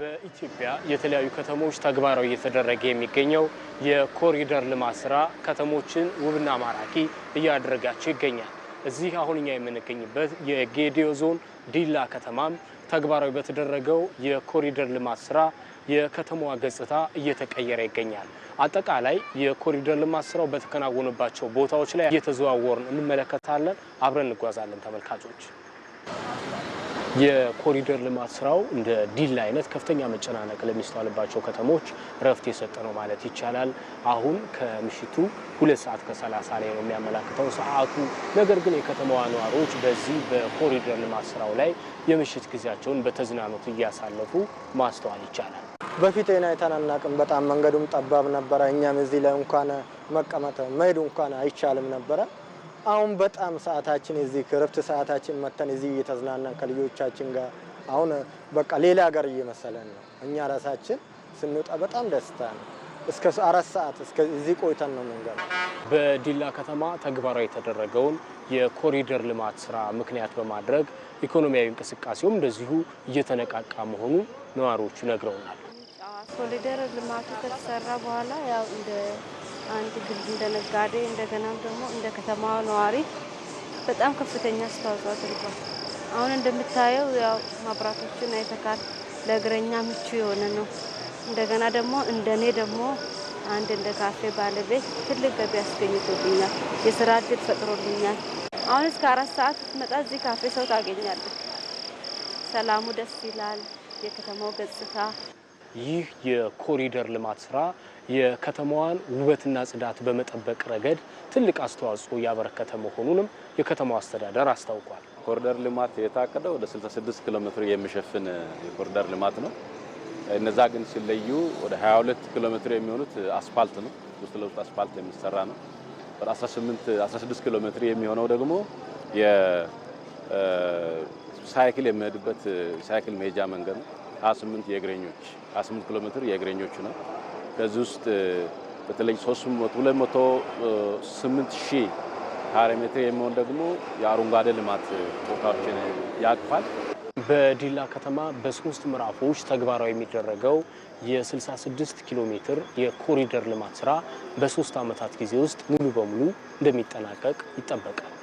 በኢትዮጵያ የተለያዩ ከተሞች ተግባራዊ እየተደረገ የሚገኘው የኮሪደር ልማት ስራ ከተሞችን ውብና ማራኪ እያደረጋቸው ይገኛል። እዚህ አሁን እኛ የምንገኝበት የጌዲዮ ዞን ዲላ ከተማም ተግባራዊ በተደረገው የኮሪደር ልማት ስራ የከተማዋ ገጽታ እየተቀየረ ይገኛል። አጠቃላይ የኮሪደር ልማት ስራው በተከናወነባቸው ቦታዎች ላይ እየተዘዋወርን እንመለከታለን። አብረን እንጓዛለን ተመልካቾች። የኮሪደር ልማት ስራው እንደ ዲላ አይነት ከፍተኛ መጨናነቅ ለሚስተዋልባቸው ከተሞች ረፍት የሰጠ ነው ማለት ይቻላል። አሁን ከምሽቱ ሁለት ሰዓት ከሰላሳ ላይ ነው የሚያመላክተው ሰዓቱ። ነገር ግን የከተማዋ ነዋሪዎች በዚህ በኮሪደር ልማት ስራው ላይ የምሽት ጊዜያቸውን በተዝናኖት እያሳለፉ ማስተዋል ይቻላል። በፊት ና የተናናቅም በጣም መንገዱም ጠባብ ነበረ። እኛም እዚህ ላይ እንኳን መቀመጥ መሄዱ እንኳን አይቻልም ነበረ አሁን በጣም ሰዓታችን እዚህ ክረፍት ሰዓታችን መተን እዚህ እየተዝናናን ከልጆቻችን ጋር አሁን በቃ ሌላ ሀገር እየመሰለን ነው። እኛ ራሳችን ስንወጣ በጣም ደስታ ነው። እስከ አራት ሰዓት እዚህ ቆይተን ነው የምንገባው። በዲላ ከተማ ተግባራዊ የተደረገውን የኮሪደር ልማት ስራ ምክንያት በማድረግ ኢኮኖሚያዊ እንቅስቃሴውም እንደዚሁ እየተነቃቃ መሆኑ ነዋሪዎቹ ነግረውናል። ኮሪደር ልማቱ ከተሰራ በኋላ ያው እንደ አንድ ግል እንደ ነጋዴ እንደገናም ደግሞ እንደ ከተማዋ ነዋሪ በጣም ከፍተኛ አስተዋጽኦ አድርጓል። አሁን እንደምታየው ያው መብራቶችን አይተካል። ለእግረኛ ምቹ የሆነ ነው። እንደገና ደግሞ እንደኔ ደግሞ አንድ እንደ ካፌ ባለቤት ትልቅ ገቢ አስገኝቶልኛል። የስራ እድል ፈጥሮልኛል። አሁን እስከ አራት ሰዓት ስትመጣ እዚህ ካፌ ሰው ታገኛለህ። ሰላሙ ደስ ይላል። የከተማው ገጽታ ይህ የኮሪደር ልማት ስራ የከተማዋን ውበትና ጽዳት በመጠበቅ ረገድ ትልቅ አስተዋጽኦ ያበረከተ መሆኑንም የከተማ አስተዳደር አስታውቋል። ኮሪደር ልማት የታቀደው ወደ 66 ኪሎ ሜትር የሚሸፍን የኮሪደር ልማት ነው። እነዛ ግን ሲለዩ ወደ 22 ኪሎ ሜትር የሚሆኑት አስፋልት ነው። ውስጥ ለውስጥ አስፋልት የሚሰራ ነው። ወደ 18 16 ኪሎ ሜትር የሚሆነው ደግሞ የሳይክል የሚሄድበት ሳይክል መሄጃ መንገድ ነው። 28 የእግረኞች 28 ኪሎ ሜትር የእግረኞቹ ነው። ከዚህ ውስጥ በተለይ 208 ሺህ ካሬ ሜትር የሚሆን ደግሞ የአረንጓዴ ልማት ቦታዎችን ያቅፋል። በዲላ ከተማ በሶስት ምዕራፎች ተግባራዊ የሚደረገው የ66 ኪሎ ሜትር የኮሪደር ልማት ስራ በሶስት ዓመታት ጊዜ ውስጥ ሙሉ በሙሉ እንደሚጠናቀቅ ይጠበቃል።